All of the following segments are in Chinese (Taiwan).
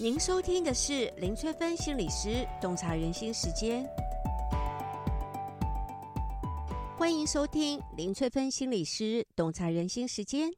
您收聽的是林翠芬心理師洞察人心時間，歡迎收聽林翠芬心理師洞察人心時間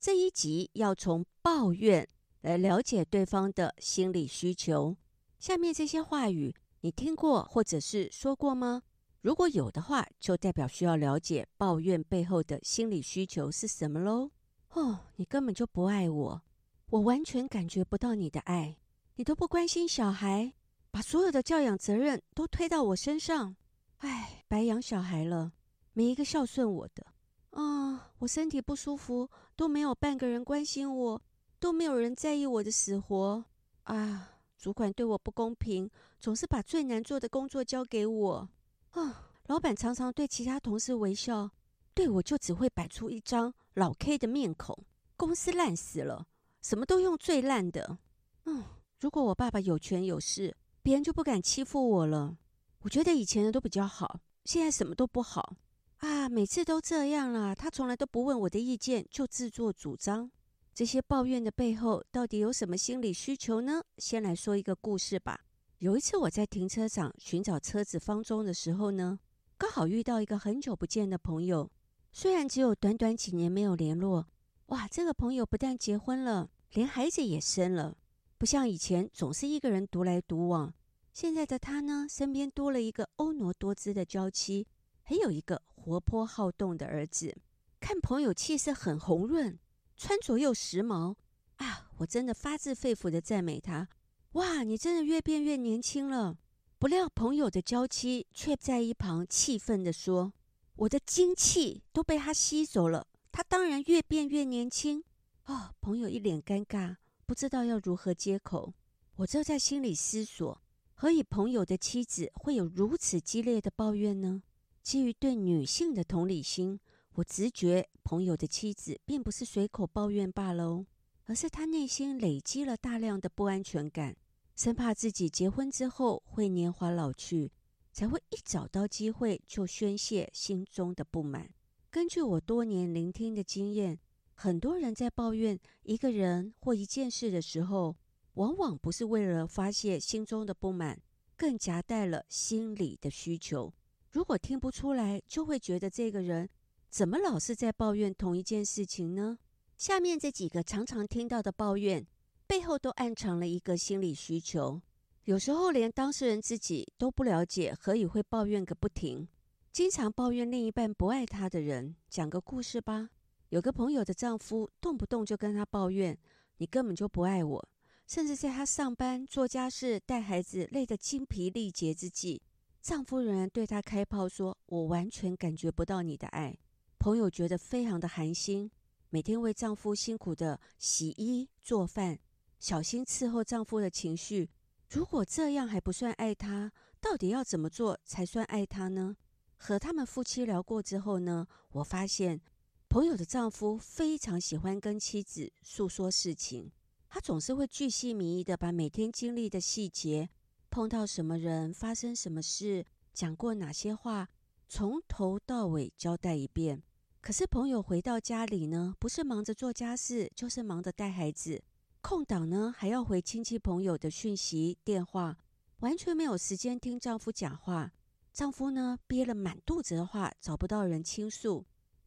這一集，要從抱怨來了解對方的心理需求。下面這些話語，你聽過或者是說過嗎？如果有的話，就代表需要了解抱怨背後的心理需求是什麼嘍。哦，你根本就不愛我，我完全感覺不到你的愛。你都不關心小孩，把所有的教養責任都推到我身上，哎，白養小孩了，沒一個孝順我的啊，嗯，我身體不舒服，都沒有半個人關心我，都沒有人在意我的死活啊！主管對我不公平，總是把最難做的工作交給我啊！老闆常常對其他同事微笑，對我就只會擺出一張老 K 的面孔。公司爛死了，什麼都用最爛的，嗯。如果我爸爸有權有勢，別人就不敢欺負我了。我覺得以前的都比較好，現在什麼都不好啊！每次都這樣了，他從來都不問我的意見，就自作主張。這些抱怨的背後，到底有什麼心理需求呢？先來說一個故事吧。有一次我在停車場尋找車子方中的時候呢，剛好遇到一個很久不見的朋友。雖然只有短短幾年沒有聯絡，哇，這個朋友不但結婚了，連孩子也生了。不像以前總是一個人獨來獨往，現在的他呢，身邊多了一個婀娜多姿的嬌妻，還有一個活潑好動的兒子。看朋友氣色很紅潤，穿着又時髦，啊，我真的發自肺腑地讚美他。哇，你真的越變越年輕了。不料朋友的嬌妻卻在一旁氣憤地說：“我的精氣都被他吸走了，他當然越變越年輕。”哦，朋友一臉尷尬。不知道要如何接口，我正在心裡思索：何以朋友的妻子會有如此激烈的抱怨呢？基於對女性的同理心，我直覺朋友的妻子並不是隨口抱怨罷了哦，而是她內心累積了大量的不安全感，生怕自己結婚之後會年華老去，才會一找到機會就宣泄心中的不滿。根據我多年聆聽的經驗。很多人在抱怨一個人或一件事的時候，往往不是為了發泄心中的不滿，更夾帶了心理的需求。如果聽不出來，就會覺得這個人怎麼老是在抱怨同一件事情呢？下面這幾個常常聽到的抱怨背後，都暗藏了一個心理需求。有時候連當事人自己都不了解何以會抱怨個不停。經常抱怨另一半不愛他的人，講個故事吧。有個朋友的丈夫動不動就跟她抱怨：“你根本就不愛我。”甚至在她上班、做家事、帶孩子累得精疲力竭之際，丈夫仍然對她開炮說：“我完全感覺不到你的愛。”朋友覺得非常的寒心，每天為丈夫辛苦的洗衣做飯，小心伺候丈夫的情緒。如果這樣還不算愛他，到底要怎麼做才算愛他呢？和他們夫妻聊過之後呢，我發現。朋友的丈夫非常喜歡跟妻子訴說事情，他總是會巨細靡遺的把每天經歷的細節、碰到什麼人、發生什麼事、講過哪些話，從頭到尾交代一遍。可是朋友回到家裡呢，不是忙着做家事，就是忙着帶孩子。空檔呢，還要回親戚朋友的訊息電話，完全沒有時間聽丈夫講話。丈夫呢，憋了滿肚子的話，找不到人傾訴。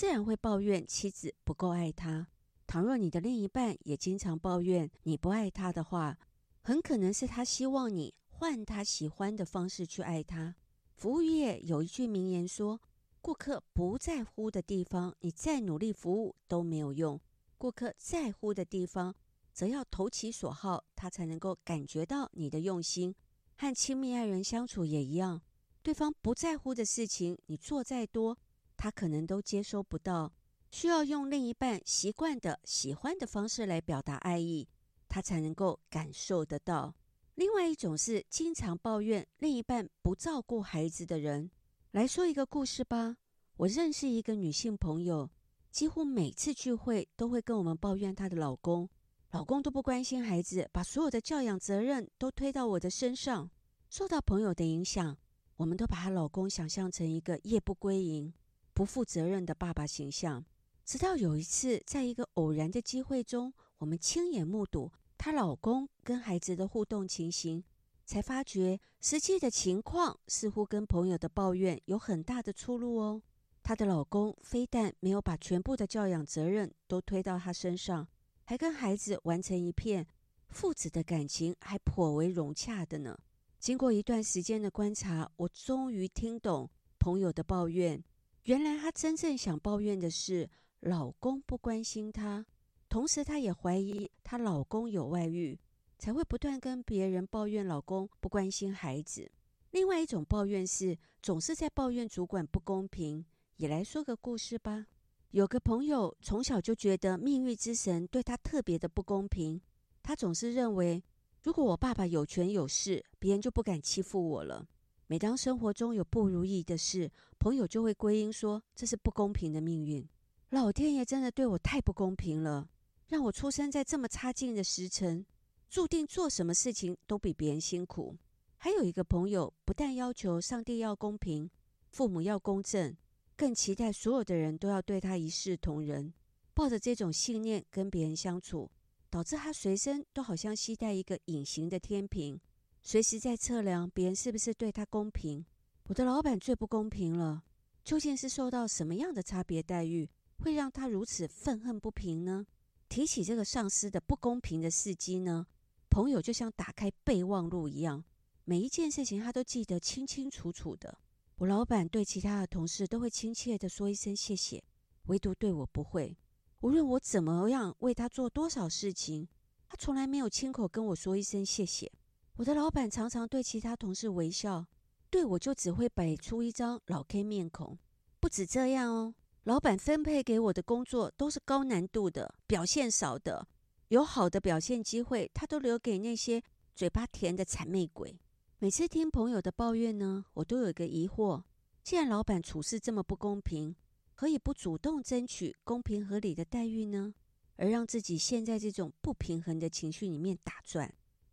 自然會抱怨妻子不夠愛他。倘若你的另一半也經常抱怨你不愛他的話，很可能是他希望你換他喜歡的方式去愛他。服務業有一句名言說：“顧客不在乎的地方，你再努力服務都沒有用；顧客在乎的地方，則要投其所好，他才能夠感覺到你的用心。”和親密愛人相處也一樣，對方不在乎的事情，你做再多。他可能都接收不到，需要用另一半習慣的、喜歡的方式來表達愛意，他才能夠感受得到。另外一種是經常抱怨另一半不照顧孩子的人。來說一個故事吧，我認識一個女性朋友，幾乎每次聚會都會跟我們抱怨她的老公，老公都不關心孩子，把所有的教養責任都推到我的身上。受到朋友的影響，我們都把她老公想象成一個夜不歸宿。不負責任的爸爸形象。直到有一次，在一個偶然的機會中，我們親眼目睹她老公跟孩子的互動情形，才發覺實際的情況似乎跟朋友的抱怨有很大的出入哦。她的老公非但沒有把全部的教養責任都推到她身上，還跟孩子玩成一片，父子的感情還頗為融洽的呢。經過一段時間的觀察，我終於聽懂朋友的抱怨。原來她真正想抱怨的是老公不關心她，同時她也懷疑她老公有外遇，才會不斷跟別人抱怨老公不關心孩子。另外一種抱怨是總是在抱怨主管不公平。也來說個故事吧，有個朋友從小就覺得命運之神對他特別的不公平，他總是認為，如果我爸爸有權有勢，別人就不敢欺負我了。每當生活中有不如意的事，朋友就會歸因說，這是不公平的命運，老天爺真的對我太不公平了，讓我出生在這麼差勁的時辰，注定做什麼事情都比別人辛苦。還有一個朋友，不但要求上帝要公平，父母要公正，更期待所有的人都要對他一視同仁，抱着這種信念跟別人相處，導致他隨身都好像攜帶一個隱形的天平。隨時在測量別人是不是對他公平。我的老板最不公平了，究竟是受到什麼樣的差別待遇，會讓他如此憤恨不平呢？提起這個上司的不公平的事跡呢，朋友就像打開備忘錄一樣，每一件事情他都記得清清楚楚的。我老板對其他的同事都會親切地說一聲謝謝，唯獨對我不會。無論我怎麼樣為他做多少事情，他從來沒有親口跟我說一聲謝謝。我的老闆常常對其他同事微笑，對我就只會擺出一張老 K 面孔。不止這樣哦，老闆分配給我的工作都是高難度的，表現少的，有好的表現機會，他都留給那些嘴巴甜的諂媚鬼。每次聽朋友的抱怨呢，我都有一個疑惑：既然老闆處事這麼不公平，何以不主動爭取公平合理的待遇呢？而讓自己陷在這種不平衡的情緒裡面打轉。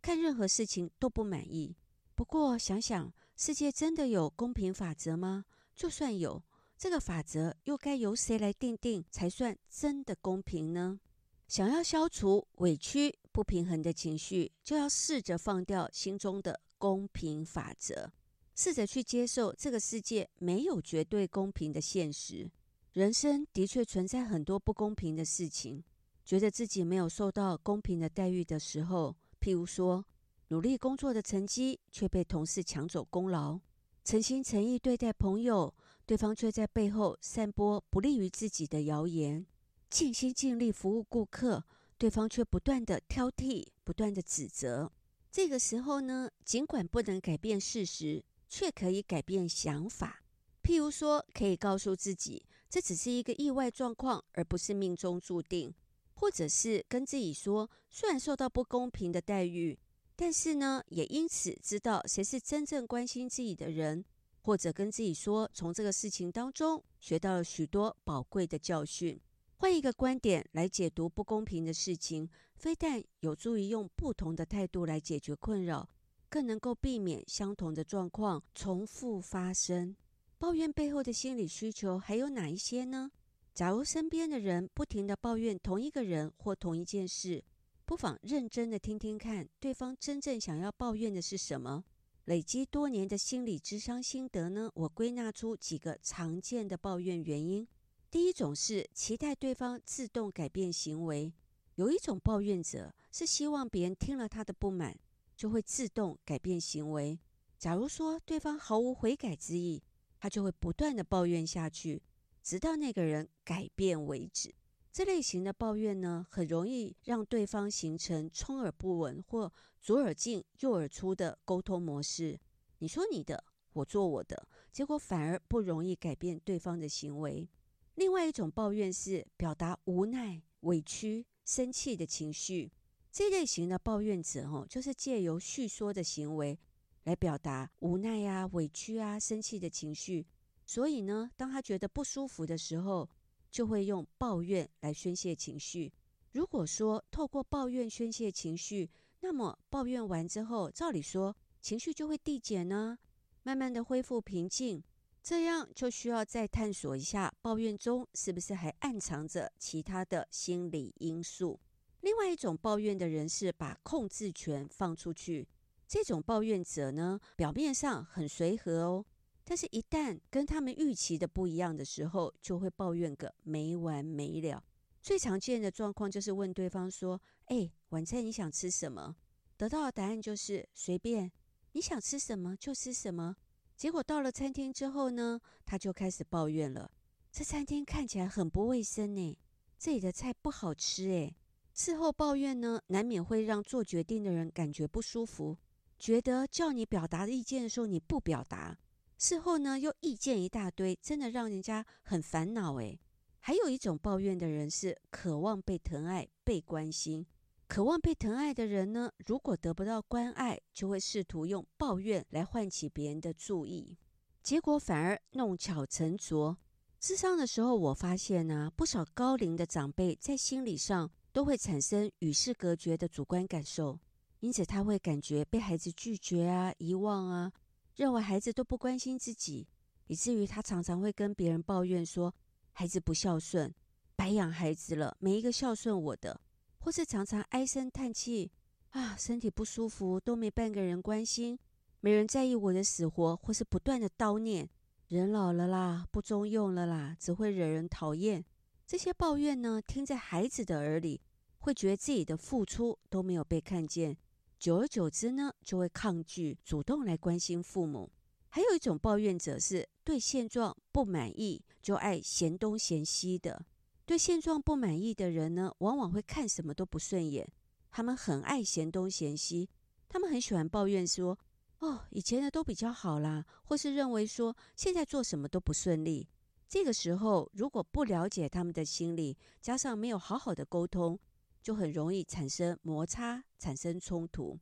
看任何事情都不滿意。不過想想，世界真的有公平法則嗎？就算有，這個法則又該由誰來訂定才算真的公平呢？想要消除委屈不平衡的情緒，就要試着放掉心中的公平法則，試着去接受這個世界沒有絕對公平的現實。人生的確存在很多不公平的事情，覺得自己沒有受到公平的待遇的時候，譬如說，努力工作的成績卻被同事搶走功勞；誠心誠意對待朋友，對方卻在背後散播不利於自己的謠言；盡心盡力服務顧客，對方卻不斷地挑剔、不斷地指責。這個時候呢，儘管不能改變事實，卻可以改變想法。譬如說，可以告訴自己，這只是一個意外狀況，而不是命中注定。或者是跟自己說，雖然受到不公平的待遇，但是呢，也因此知道誰是真正關心自己的人；或者跟自己說，從這個事情當中學到了許多寶貴的教訓。換一個觀點來解讀不公平的事情，非但有助於用不同的態度來解決困擾，更能夠避免相同的狀況重複發生。抱怨背後的心理需求還有哪一些呢？假如身邊的人不停地抱怨同一個人或同一件事，不妨認真地聽聽看，對方真正想要抱怨的是什麼。累積多年的心理諮商心得呢，我歸納出幾個常見的抱怨原因。第一種是期待對方自動改變行為，有一種抱怨者是希望別人聽了他的不滿，就會自動改變行為。假如說對方毫無悔改之意，他就會不斷地抱怨下去。直到那個人改變為止，這類型的抱怨呢，很容易讓對方形成充耳不聞或左耳進右耳出的溝通模式。你說你的，我做我的，結果反而不容易改變對方的行為。另外一種抱怨是表達無奈、委屈、生氣的情緒。這類型的抱怨者哦，就是借由敘說的行為來表達無奈啊、委屈啊、生氣的情緒。所以呢，當他覺得不舒服的時候，就會用抱怨來宣洩情緒。如果說透過抱怨宣洩情緒，那麼抱怨完之後，照理說情緒就會遞減呢，慢慢地恢復平靜。這樣就需要再探索一下，抱怨中是不是還暗藏着其他的心理因素。另外一種抱怨的人是把控制權放出去，這種抱怨者呢，表面上很隨和哦。但是，一旦跟他們預期的不一樣的時候，就會抱怨個沒完沒了。最常見的狀況就是問對方說：“哎，晚餐你想吃什麼？”得到的答案就是“隨便，你想吃什麼就吃什麼。”結果到了餐廳之後呢，他就開始抱怨了：“這餐廳看起來很不衛生呢，這裡的菜不好吃哎。”事後抱怨呢，難免會讓做決定的人感覺不舒服，覺得叫你表達意見的時候你不表達。事後呢，又意見一大堆，真的讓人家很煩惱哎。還有一種抱怨的人是渴望被疼愛、被關心，渴望被疼愛的人呢，如果得不到關愛，就會試圖用抱怨來喚起別人的注意，結果反而弄巧成拙。諮商的時候，我發現呢、啊，不少高齡的長輩在心理上都會產生與世隔絕的主觀感受，因此他會感覺被孩子拒絕啊、遺忘啊。認為孩子都不關心自己，以至於他常常會跟別人抱怨說孩子不孝順，白養孩子了，沒一個孝順我的，或是常常唉聲嘆氣啊，身體不舒服都沒半個人關心，沒人在意我的死活，或是不斷的叨念人老了啦，不中用了啦，只會惹人討厭。這些抱怨呢，聽在孩子的耳裡，會覺得自己的付出都沒有被看見。久而久之呢，就會抗拒主動來關心父母。還有一種抱怨者是對現狀不滿意，就愛嫌東嫌西的。對現狀不滿意的人呢，往往會看什麼都不順眼。他們很愛嫌東嫌西，他們很喜歡抱怨說：“哦，以前的都比較好啦。”或是認為說現在做什麼都不順利。這個時候如果不了解他們的心理，加上沒有好好的溝通。就很容易產生摩擦、產生衝突。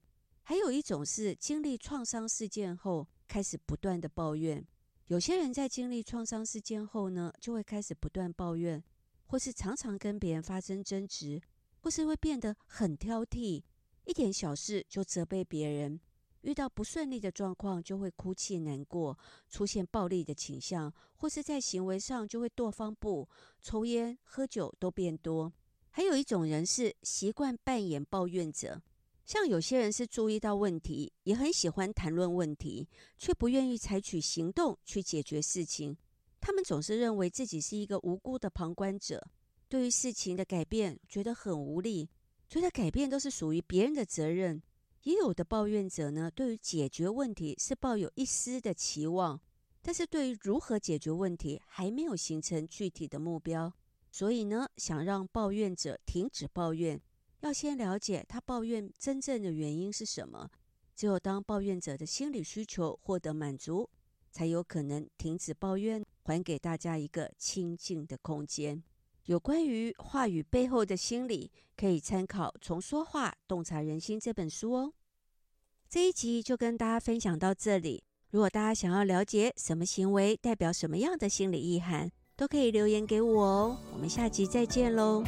還有一種是經歷創傷事件後，開始不斷的抱怨。有些人在經歷創傷事件後呢，就會開始不斷抱怨，或是常常跟別人發生爭執，或是會變得很挑剔，一點小事就責備別人。遇到不順利的狀況就會哭泣、難過，出現暴力的傾向，或是在行為上就會踱方步、抽菸、喝酒都變多。還有一種人是習慣扮演抱怨者，像有些人是注意到問題，也很喜歡談論問題，卻不願意採取行動去解決事情。他們總是認為自己是一個無辜的旁觀者，對於事情的改變覺得很無力，覺得改變都是屬於別人的責任。也有的抱怨者呢，對於解決問題是抱有一絲的期望，但是對於如何解決問題還沒有形成具體的目標。所以呢，想讓抱怨者停止抱怨，要先了解他抱怨真正的原因是什麼。只有當抱怨者的心理需求獲得滿足，才有可能停止抱怨，還給大家一個清靜的空間。有關於話語背後的心理，可以參考《從說話洞察人心》這本書哦。這一集就跟大家分享到這裡。如果大家想要了解什麼行為代表什麼樣的心理意涵，都可以留言給我哦，我們下集再見嘍。